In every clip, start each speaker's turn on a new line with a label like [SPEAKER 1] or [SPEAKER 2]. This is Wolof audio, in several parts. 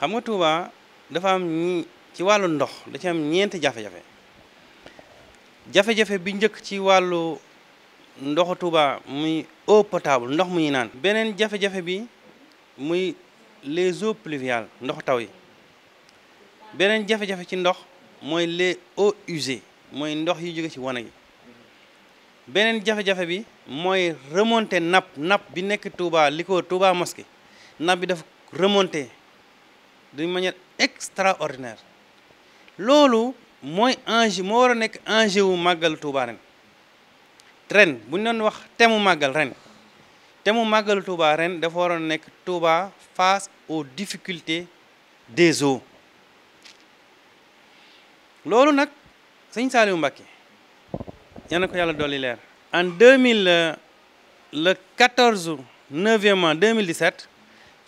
[SPEAKER 1] xam nga Touba dafa am ñi ci wàllu ndox da ci am ñeenti jafe-jafe jafe-jafe bi njëkk ci wàllu ndoxu Touba muy eau potable ndox mu ñuy naan. beneen jafe-jafe bi muy les eaux pluviales ndox taw yi beneen jafe-jafe ci ndox mooy les eaux usées mooy ndox yu jóge ci wane yi beneen jafe-jafe bi mooy remonter nap, nap, bi nekk Touba li ko Touba mosquée nap, bi dafa remonter d'une manière extraordinaire Lolo, moi, enjeu moo war a ou enjeu wu màggal Touba ren ren bu ñu doon wax thème mu ren Temu Magal Touba ren Touba face aux difficultés des eaux loolu nag sëñ Saliou Mbacké yal na ko yàlla le leer en 2000 euh, le 14 9 mai 2017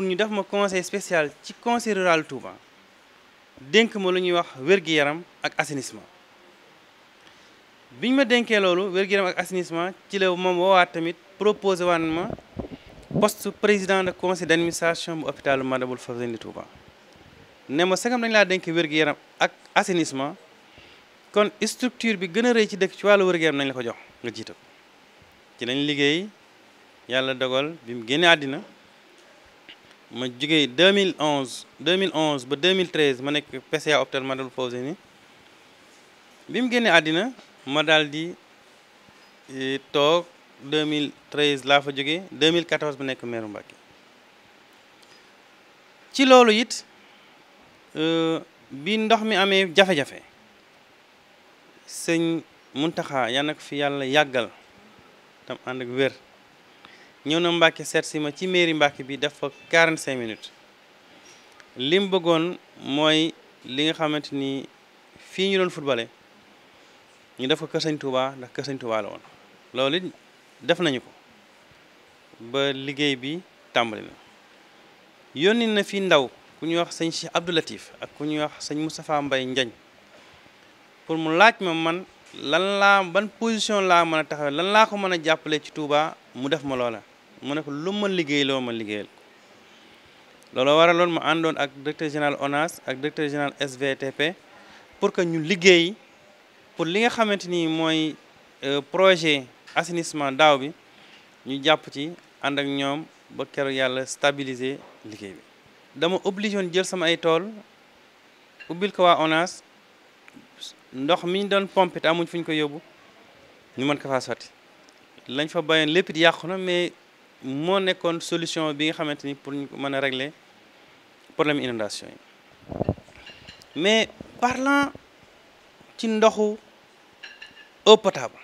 [SPEAKER 1] pour ñu def ma conseil spécial ci conseil rural Touba dénk ma lu ñuy wax wér-gi-yaram ak assainissement biñ ma dénkee loolu wér-gi-yaram ak assainissement ci la moom woowaat tamit proposé waan ma poste président de conseil d'administration bu hôpital Matlaboul Fawzayni Touba ne ma sagam dañ laa dénk wér-gi-yaram ak assainissement kon structure bi gën a rëy ci dëkk ci wàllu wér-gi-yaram nañ la ko jox nga jiite ko ci lañ liggéey yàlla dogal bi mu génne ma mille jugee 2011 2011 ba deux mille 2013 ma nekk PCA hôpital Matlaboul Fawzeyni bi mu génnee àddina ma daal di e, toog 2013 laa fa jóge deux jógee 2014 bu nekk meeru Mbàkke ci loolu it e, bi ndox mi amee jafe-jafe sëñ Muntaxa yan na ko fi yàlla yàggal tam ànd ak wér ñëw na Mbàkke seet si ma ci mairie Mbàkke bi def fa 45 minutes li mu bëggoon mooy li nga xamante ni fii ñu doon footballé ñu def ko Kër Sañ Touba ndax Kër Sañ Touba la woon loolu def nañu ko ba liggéey bi tàmbali na yónni na fi ndaw ku ñuy wax sëñ Cheikh Abdou Latif ak ku ñuy wax sëñ Moustapha mbay Njañ pour mu laaj ma man lan laa ban position laa mën a taxawee lan laa ko mën a jàppale ci Touba mu def ma loola mu ne ko lu ma liggéey loo ma liggéeyal loolu waraloon ma àndoon ak directeur général ONAS ak directeur général SVTP pour que ñu liggéey pour li nga xamante ni mooy euh, projet assainissement daaw bi ñu jàpp ci ànd ak ñoom ba keroog yàlla stabiliser liggéey bi. dama obligé woon jël sama ay tool ubbil ko waa ONAS ndox mi ñu doon pompé te amuñ fu ñu ko yóbbu ñu mën ko faa lañ fa bayoon lépp it mais. moo nekkoon solution bi nga xamante ni pour ñu mën a régler problème inondation yi mais parlant ci ndoxu eau potable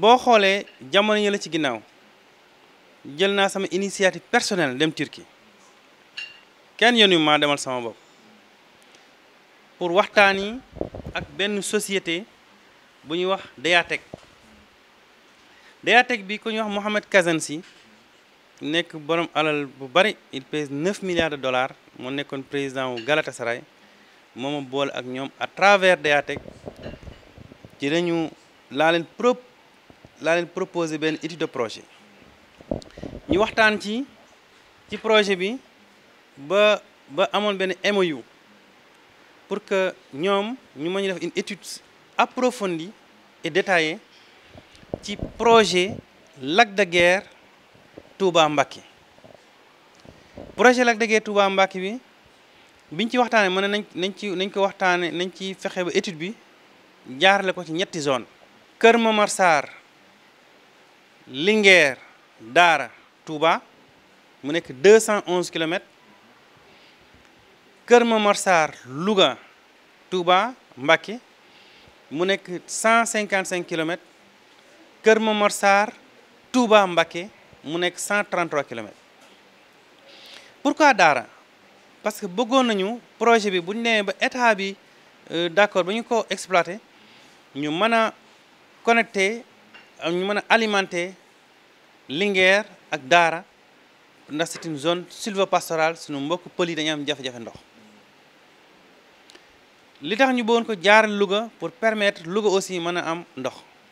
[SPEAKER 1] boo xoolee jamono yi la ci ginnaaw jël naa sama initiative personnelle dem turki kenn yenu yu maa demal sama bopp pour waxtaan yi ak benn société bu ñuy wax Dayatek DATEC bi ku wax Mohamed Kazansi nek borom alal bu bari il pèse 9 milliards de dollars mo est président de Galatasaray Il a ak ñom à travers DATEC ci Il la pro la leen proposé une étude de projet ñu waxtaan ci ci projet bi ba ba MOU pour que ñom ñu mën def une étude approfondie et détaillée ci projet Lac de GUERRE Touba Mbaké projet Lac de GUERRE Touba Mbaké bi biñ ci waxtaanee mën nañ ci nañ ko waxtaanee nañ ci fexé ba étude bi jaarale ko ci ñetti zone Sar Dara Touba mu 211 kilomètres Kër Momar Sar Louga Touba Mbaké mu nekk 155 km Kër Momar Touba Mbacké mu nekk 133 km. pourquoi Dara parce que bëggoon nañu projet bi bu ñu ba état bi euh, d'accord ba ñu ko exploité ñu mën a connecté ñu mën a alimenté Linguère ak Dara ndax c'est une zone sylvopastorale sunu mbokk pël yi dañu am jafe-jafe ndox li tax ñu bëggoon ko jaar Louga pour permettre Louga aussi mën am ndox.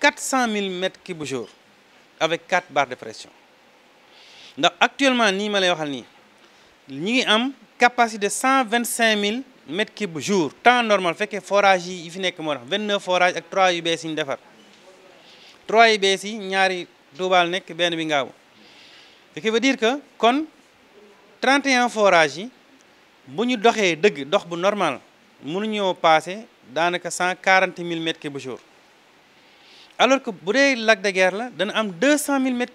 [SPEAKER 1] 400 000 mètres cubes jour avec 4 barres de pression Donc actuellement nous avons une capacité de 125 000 mètres cubes jour temps normal que forage yi 29 forages ak 3 yu 3 UBS, bees yi ñaari duubaal nekk ce qui veut dire que kon 31 forages si nous dëgg dox normal pas passé à 140 000 mètres cubes jour alors que bu dee lac de guerre la dana am deux cent mille mètres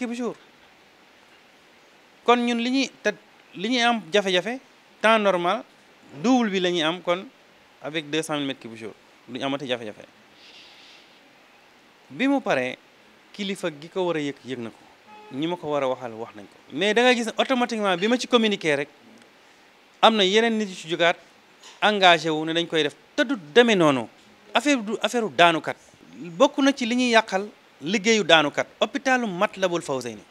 [SPEAKER 1] kon ñun li ñuy te li ñuy am jafe-jafe temps normal double bi la ñuy am kon avec deux cent mille mètres lu ñu amati jafe-jafe bi mu paree kilifa gi ko war a yëg yëg na ko ñi ma ko war a waxal wax nañ ko mais da nga gis ne automatiquement bi ma ci communiqué rek am na yeneen nit yu ci jogaat engagé wu ne dañ koy def te du demee noonu affaire du affaire daanukat bokk na ci li ñuy yàqal daanu kat hôpitalu matlabul fawzaini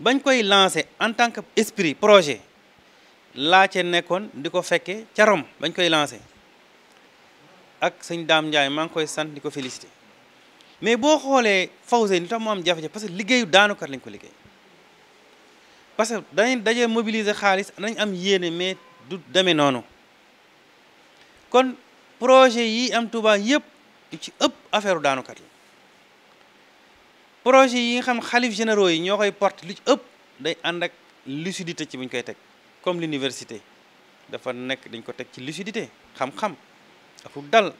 [SPEAKER 1] bañ koy lancer en tant que esprit projet la ci nekkoon diko fekke ci rom bañ koy lancer ak sëñ dam ndjay maa ngi koy sante diko féliciter mais bo xolé fawzaini tam mo am jafé parce que liggéeyu kat lañ ko liggéey parce que dañ dajé mobiliser xaalis nañ am yéene mais du démé noonu kon projet yi am Touba yépp ci ëpp affaire daanukat la projet yi xam xalif généraux yi ñoo koy porte li ci ëpp day ànd ak lucidité ci buñ koy teg comme l'université dafa nekk dañ ko teg ci lucidité xam-xam aku dal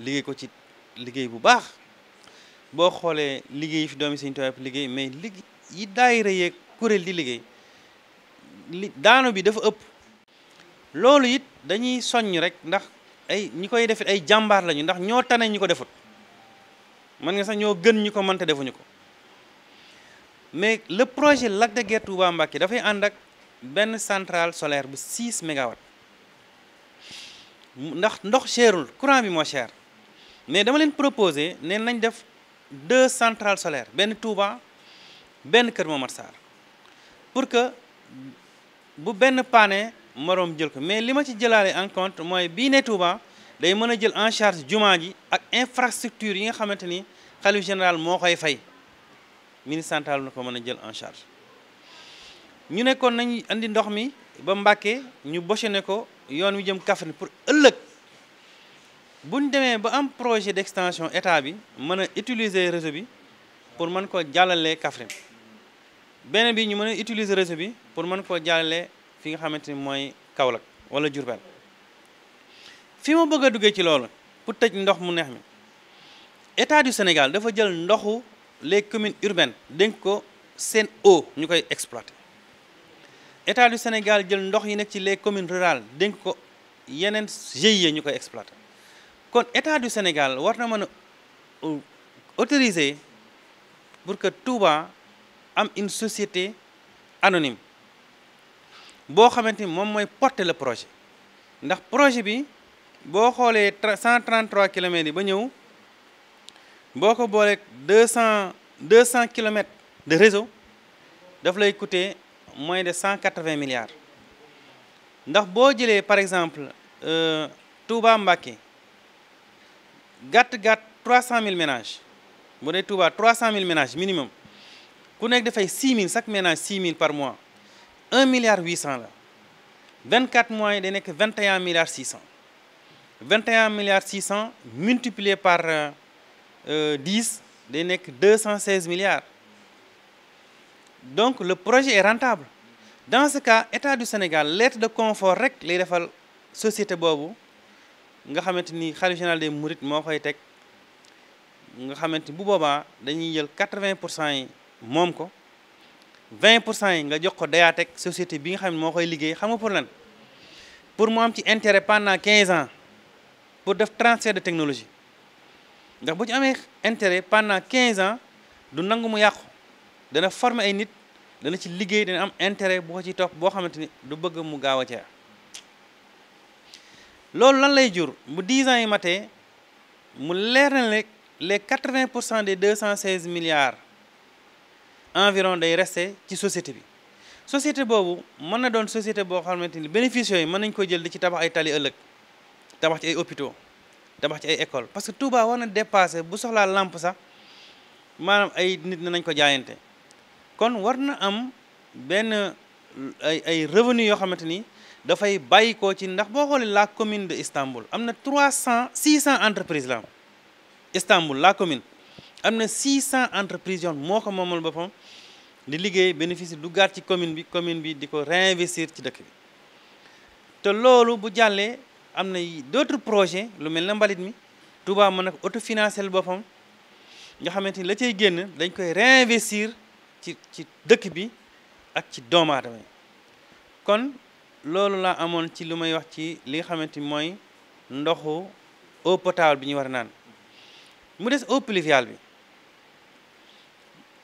[SPEAKER 1] liggéey ko ci liggéey bu baax boo xoolee liggéey yi fi doomi Sëñ Tuubaa liggéey mais liggéey yi daayira yeeg kuréel di liggéey li daanu bi dafa ëpp loolu it dañuy soññ rek ndax ay ñi koy defit ay jambar lañu ndax ño tané ñiko defut man nga sax ño gën ñiko mën mënte defuñu ko mais le projet Lac de Guiers Touba Mbacké dafay ànd ak ben centrale solaire bu 6 mégawatts ndax ndox cherul courant bi mo cher mais dama leen proposer né nañ def deux centrales solaires ben Touba ben Kër Momar Sarr pour que bu ben paane morom jël ko mais li ma ci jëlaale en compte mooy bii ne Touba day mën a jël en charge jumaa ji ak infrastructure yi nga xamante ni xalif général moo koy fay ministre central na ko mën a jël en charge ñu ne kon nañ andi ndox mi ba Mbàkke ñu bochene ko yoon wi jëm Kaffrine pour ëllëg buñ demee ba am projet d'extension état bi mën a utiliser réseau bi pour mën ko jàllalee Kaffrine beneen bi ñu mën a utiliser réseau bi pour mën koo jàllalee fi nga xamante ni mooy Kaolack wala Diourbel fi ma bëgg a duggee ci loolu pour tëj ndox mu neex mi état du Sénégal dafa jël ndoxu les communes urbaines dénk ko seen eau ñu koy exploité état du Sénégal jël ndox yi nekk ci les communes rurales dénk ko yeneen GIE ñu koy exploité kon état du Sénégal war na mën a euh, autoriser pour que Touba am une société anonyme projet. Parce le projet, le projet bi, bo 133 km, si on 200, 200 km de réseau, ça va coûter moins de 180 milliards. Si on prend par exemple gat gat 300 000 ménages, si on 300 000 ménages minimum, si on fait 6 000, chaque ménage 6 000 par mois, 1 milliard 800 24 mois, il n'est que 21 milliards 600. 21 milliards 600 multiplié par 10, il y que 216 milliards. Donc le projet est rentable. Dans ce cas, l'État du Sénégal, l'aide de confort recte les la société Bobo, nous avons que le général de Mourit est mort, nous avons dit que 80% est mort. 20 de bi nga xamne mo koy liguey xam nga pour lan pour mo am ci intérêt pendant 15 ans pour def transfert de technologie ndax bu ci amé intérêt pendant 15 ans du nangum yaq dana former ay nit dana ci liguey dana am intérêt bu ci top bo xamanteni du bëgg mu gawa ci lolou lan lay 10 ans et maté mu lérnal les 80% des 216 milliards environ day resté ci société bi société boobu mën na doon société boo xamante ni bénéfice yooyu mën nañ ko jël di ci tabax ay tali ëllëg tabax ci ay hôpitaux tabax ci ay école parce que Touba war na dépassé bu soxlaa lamp sax maanaam ay nit na nañ ko jaayante kon war na am benn ay ay yoo xamante ni dafay bàyyikoo ci ndax boo xoolee la commune de Istanbul am na trois cent six cent entreprise la Istanbul la commune amna 600 entreprises yoon moo ko moomal di liguey bénéfice du gaat ci commune bi commune bi diko réinvestir ci dëkk bi te lolu bu jallé amna d'autres projets lu melna mbalit mi Touba mën na ko autofinancé nga xamanteni la cay génn dañ koy réinvestir ci ci dëkk bi ak ci doomu aadama kon lolu la amone ci lu wax ci li xamanteni moy ndoxu eau potable bi ñu war a naan mu dess eau pluviale bi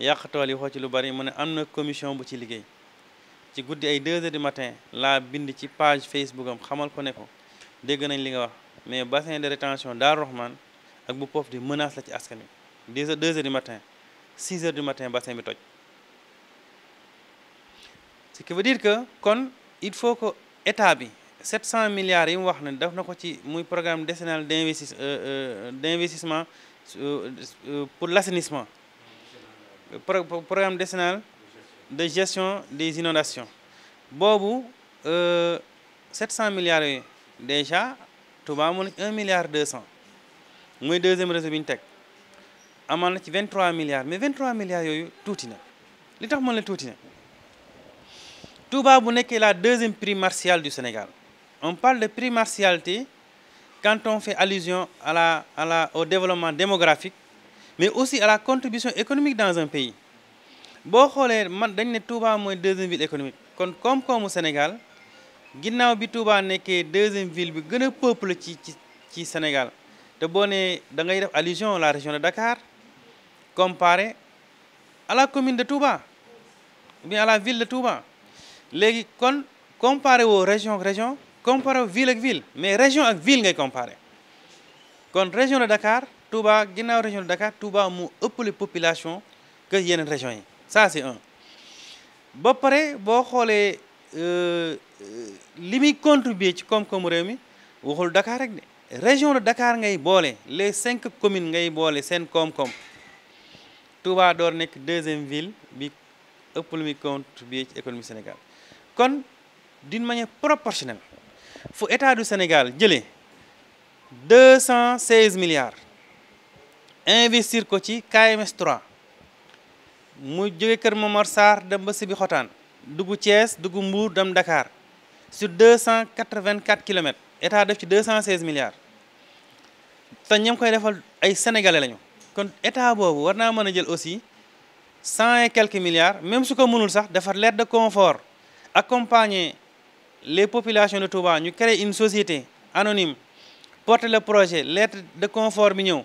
[SPEAKER 1] yàqatool yi xoo ci lu bari mu ne am na commission bu ci liggéey ci guddi ay 2 heures du matin laa bind ci page Facebook am xamal ko ne ko dégg nañ li nga wax mais bassin de rétention Darou Rahmane ak bu pof di menace la ci askan wi 2 heures du matin 6 heures du matin bassin bi toj ce qui veut dire que kon il faut que état bi 700 milliards yi mu wax ne def na ko ci muy programme décennal d'investissement d'investissement pour l'assainissement programme décennal de gestion des inondations euh, 700 milliards déjà tout amoon milliard 200 muy deuxième réseau 23 milliards mais 23 milliards tout tuuti Tout li tax tout. la tuuti le la deuxième prix martiale du Sénégal on parle de prix martialité quand on fait allusion à la la au développement démographique mais aussi à la contribution économique dans un pays boo xoolee man dañ ne Touba mooy deuxième ville économique Comme comme au Sénégal ginnaaw bi Touba nekkee deuxième ville bi le plus peuple ci ci Sénégal te boo nee da ngay allusion à la région de Dakar comparé à la commune de Touba ou à la ville de Touba léegi kon comparé woo région avec région comparé aux ville avec ville mais région avec ville ngay comparé kon région de Dakar Touba ginnaaw région de Dakar Touba moo ëppale population que yeneen régions ça c'est un ba pare boo xoolee euh, euh, li muy contribuer ci koom-koomu réew mi Dakar rek de région de Dakar ngay boole les cinq communes ngay boole seen koom-koom Touba door nekk deuxième ville bi ëpp lu muy contribuer ci économie Sénégal kon d'une manière proportionnelle fu état du Sénégal jëlee 216 milliards. investir ko ci KMS 3 mu jóge Kër Momar Sarr dem ba Sibi Xotaan dugg Thiès dugg Mbour dem Dakar sur deux cent quatre-vingt-quatre kilomètres état def ci deux cent seize milliards te ñoom koy defal ay sénégalais lañu kon état boobu war naa mën a jël aussi cent et quelques milliards même su ko mënul sax defar leer de confort accompagner les populations de Touba ñu créer une société anonyme porter le projet lettre de confort bi ñëw.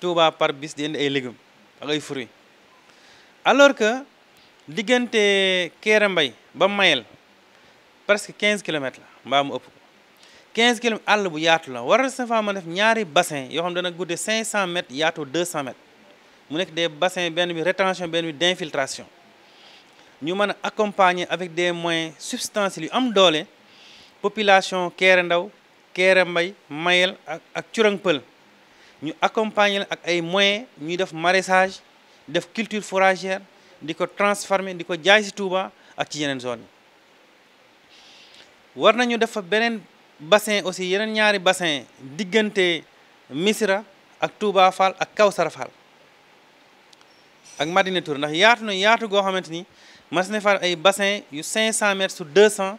[SPEAKER 1] Touba par bis di indi ay légumes ak ay fruits alors que diggante Kéré ba Mayel presque 15 km, la ba mu ëpp 15 km all bu yaatu la war sa faa def ñaari bassin yo xam dana goudé 500 mètres yaatu 200 mètres mu nek des bassins ben bi rétention ben bi d'infiltration ñu mën accompagner avec des moyens substantiels yu am doolé population Kéré Ndaw Kéré Mbay Mayel ak ak Curang nous accompagnons ak ay moyens de def de culture fourragère de la transformer de ko des Touba ak zone Nous avons nañu def aussi un bassin Misra, ak Touba Fall ak Fall ak Madina Tour ndax bassin de 500 mètres sur 200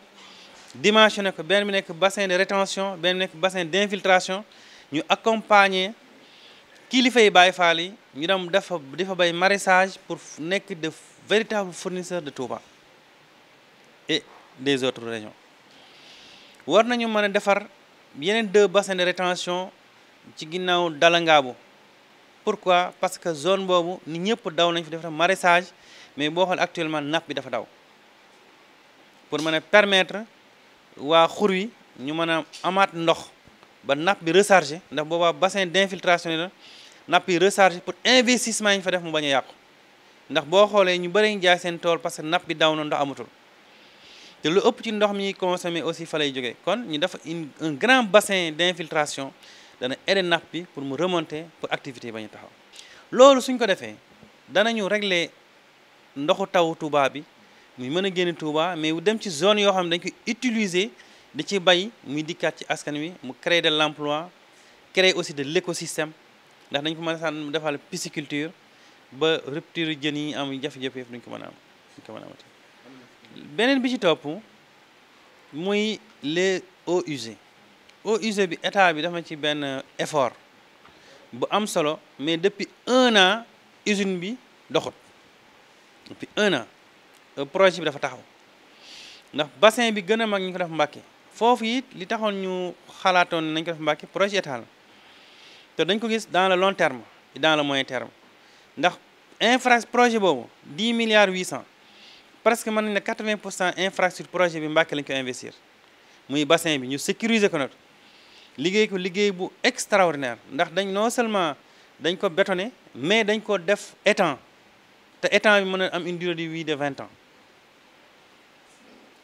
[SPEAKER 1] dimensionné ko benn bassin de rétention un bassin d'infiltration. Nous accompagnons kilifa yi Baye Fall yi ñu dem dafa di fa bay pour nekk de véritables fournisseurs de Touba et des autres régions war nañu fait defar deux bassins de rétention ci le dalangaabu pourquoi parce que zone est ni ñëpp daw faire un maraissage, mais boo xool actuellement napp bi dafa daw pour mën permettre à xur wi ñu mën a amaat ndox ba napp bi recharger ndax bassin d'infiltration napp yi recharger pour investissement yi ñu fa def mu bañ a yàqu ndax boo xoolee ñu bëri ñu jaay seen tool parce que napp bi daw na ndox amatul te lu ëpp ci ndox mi ñuy aussi fa lay jógee kon ñu dafa un grand bassin d'infiltration dana aider napp bi pour mu remonter pour activité bañu bañ taxaw loolu suñ ko defee danañu régler ndoxu taw Touba bi muy mën a génn Touba mais bu dem ci zone yoo xam ne dañ koy utiliser di ci bay muy dikkaat ci askan wi mu créer de l'emploi créer aussi de l'écosystème ndax dañ ko mën a saan defal pisciculture ba rupture jën yi am jafe-jafe yëpp duñ ko mën a am duñ beneen bi ci topp muy les eaux usées eaux usées bi état bi dafa ci benn effort bu am solo mais depuis un an usine bi doxut depuis un a euh, projet bi dafa taxaw ndax bassin bi gën a mag ñu ko def Mbàkke foofu it li taxoon ñu xalaatoon nañ ko def Mbàkke projet état te dañ ko dans le long terme et dans le moyen terme ndax infrastructures projet 10 milliards 800 presque 80 pour infrastructure projet bi lañ ko investir muy bassin bi ñu sécuriser ko extraordinaire ndax dañ non seulement dañ ko bétonné mais dañ ko def étant. te étang bi mën am une durée de vie de 20 ans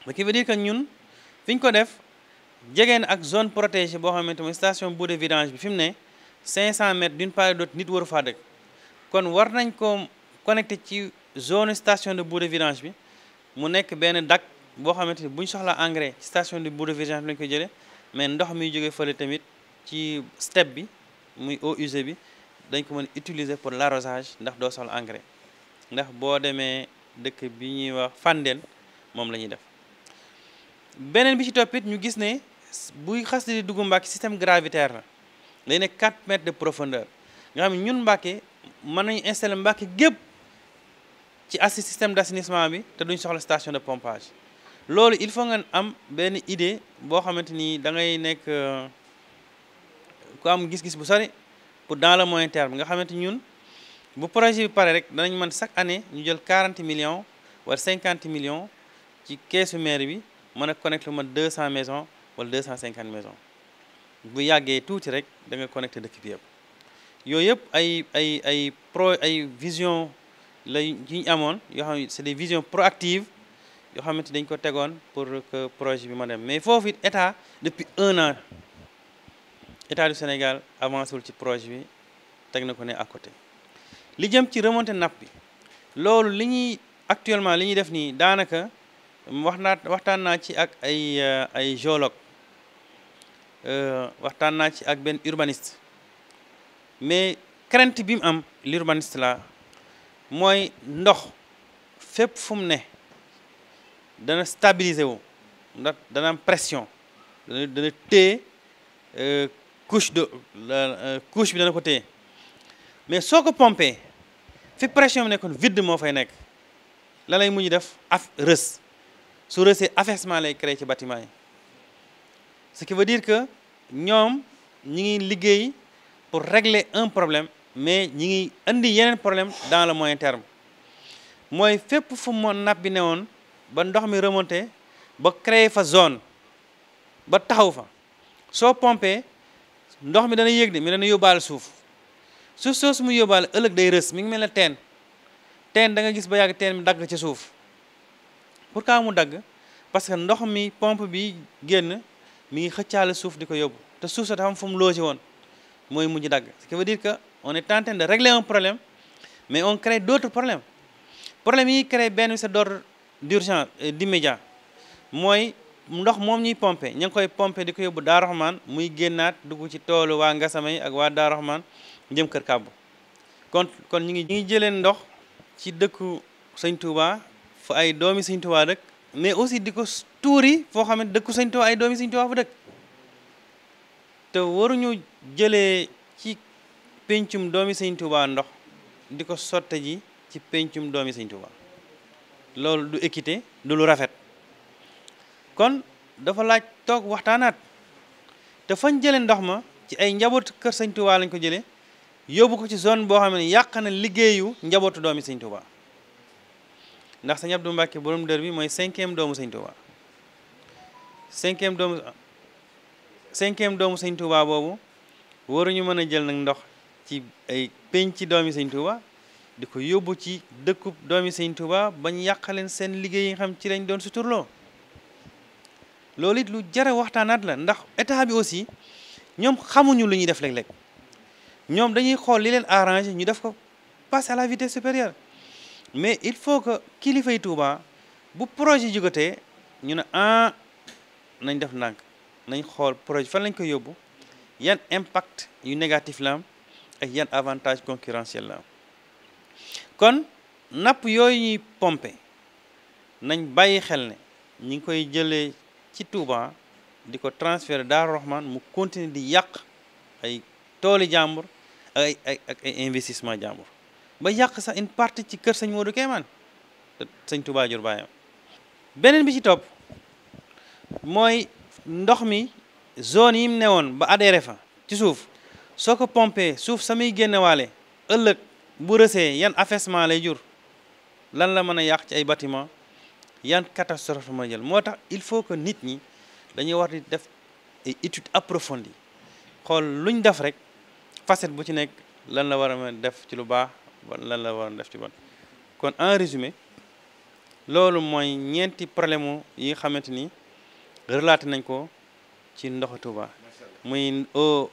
[SPEAKER 1] ce qui veut dire que nous avons fait ko def jege ak zone protégée une station de vidange bi 500 mètres d'une part et d'autre nit waru faa dëkk kon war nañ ko connecté ci zone station de boue de vidange bi mu nekk benn dak boo xamante ni buñ soxla engrais ci station de boue de vidange bi lañ koy mais ndox mi jógee fële tamit ci step bi muy eau usée bi dañ ko mën utiliser pour l'arrosage ndax doo soxla engrais ndax boo demee dëkk bi ñuy wax Fandène moom la ñuy def beneen bi ci toppit ñu gis ne buy xas di dugg Mbàkke système gravitaire la y a 4 mètres de profondeur nga xam installé ñun installer système d'assainissement bi la duñ soxla station de pompage loolu il faut nga am idée boo xamante ni da ngay nekk euh, ku am gis dans le moyen terme nga xamante ñun bu projet bi pare rek chaque année ñu jël 40 millions wala 50 millions ci caisse maire bi mën a connecté 200 maisons wala 250 maisons bu yàggee tuuti rek da nga connecté dëkk bi yëpp yooyu yëpp ay ay ay pro ay vision la ñu amoon yoo xam ne c'est des visions proactives yoo xamante dañ ko tegoon pour que projet bi ma dem mais foofu it état depuis un an état du Sénégal avancé ci projet bi teg na ko ne à côté li jëm ci remonté napp bi loolu li ñuy actuellement li ñuy def nii daanaka wax naa waxtaan naa ci ak ay euh, ay géologue euh, waxtaan ci ak urbaniste mais crainte bi mu l'urbaniste la mooy ndox fépp ne stabiliser wu pression euh, couche de euh, couche bi dana ko mais soo ko pompé pression vide moo fay bâtiment ce qui veut dire que ñoom ñi ngi liggéey pour régler un problème mais ñi ngi indi yeneen problème dans le moyen terme mooy fépp fu mo napp bi newoon ba ndox mi remonté ba créer fa zone ba taxaw fa soo pompé ndox mi dana yéeg ni mi dana yóbbaale suuf suuf soosu mu yóbbaale ëllëg day rës mi ngi mel ne teen teen da nga gis ba yàgg teen mi dagg ci suuf pourquoi mu dagg parce que ndox mi pompe bi génn mi ngi xëccaale suuf di ko yóbbu te suuf sa dafa am fu mu logé woon mooy mujj dagg ce qui veut dire que on est en train de régler un problème mais on crée d'autres problèmes problème yi crée benn bi c'est d'ordre di euh, d'immédiat mooy ndox moom ñuy pompe ña ngi koy pomper di ko yóbbu Daaru Rahmaan muy génnaat dugg ci toolu waa Ngasama yi ak waa Daaru Rahmaan jëm Kër Kàbbu kon kon ñu ngi ñu ngi jëlee ndox ci dëkku Sëñ Tuubaa fa ay doomi Sëñ Tuubaa rek mais aussi di ko tuuri foo xam ne dëkku sëñ Tuubaa ay doomi sëñ Tuubaa fa dëkk te waruñu jëlee ci pencum doomi sëñ Tuubaa ndox di ko sotte ji ci pencum doomi sëñ Tuubaa loolu du équité du lu rafet kon dafa laaj toog waxtaanaat te fañ jëlee ndox ma ci ay njabootu kër sëñ Tuubaa lañ ko jëlee yóbbu ko ci zone boo xam ne yàq na liggéeyu njabootu doomi sëñ Tuubaa ndax sëñ Abdou Mbacke borom dër bi mooy cinquième doomu sëñ Tuubaa cinquième doomu cinquième doomu sëñ Touba boobu waruñu mën a jël nag ndox ci ay pénc ci doomi sëñ Touba di ko yóbbu ci dëkkub doomi sëñ Touba bañ leen seen liggéey yi nga xam ci lañ doon suturloo loolu it lu jara waxtaanaat la ndax état bi aussi ñoom xamuñu lu ñuy def léeg-léeg ñoom dañuy xool li leen arrangé ñu def ko passer à la vite supérieure mais il faut que kilifay Touba bu projet jugatee ñu ne ah nañ def ndànk nañ xool projet fan lañ ko yóbbu yan impact yu négatif la ak yan avantage concurrentiel la kon napp yooyu ñuy pompe nañ bàyyi xel ne ñi ngi koy jëlee ci Touba di ko transféré Daaru Rahman mu continuer di yàq ay tooli jàmbur ay ay ak ay investissement jàmbur ba yàq sax une partie ci kër sëñ Modou Kéemaan sëñ Touba jur baayam beneen bi ci topp mooy ndox mi zone yi mu newoon ba adhéré fa ci suuf soo ko pompé suuf samay génnewaale ëllëg bu rësee yan affaissement lay jur lan la mën a yàq ci ay batiment yan catastrophe ma jël moo tax il faut que nit ñi dañuy war di def ay étude approfondie xool luñ def rek facette bu ci nekk lan la war a mën def ci lu baax lan la war a def ci bon kon en résumé loolu mooy ñeenti problème yi nga xamante ni relaté nañ ko ci ndoxu Touba muy eau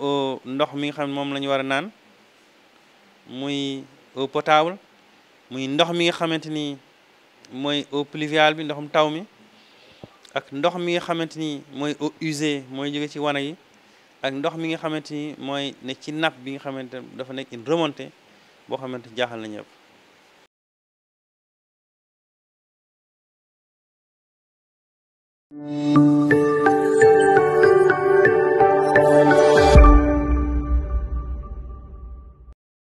[SPEAKER 1] eau ndox mi nga xam ne moom la ñu war a naan muy eau potable muy ndox mi nga xamante ni mooy eau pluviale bi ndoxum taw mi ak ndox mi nga xamante ni mooy eau usée mooy jóge ci wana yi ak ndox mi nga xamante ni mooy ne ci nappe bi nga xamante dafa nekk une remontée boo xamante jaaxal na ñëpp thank you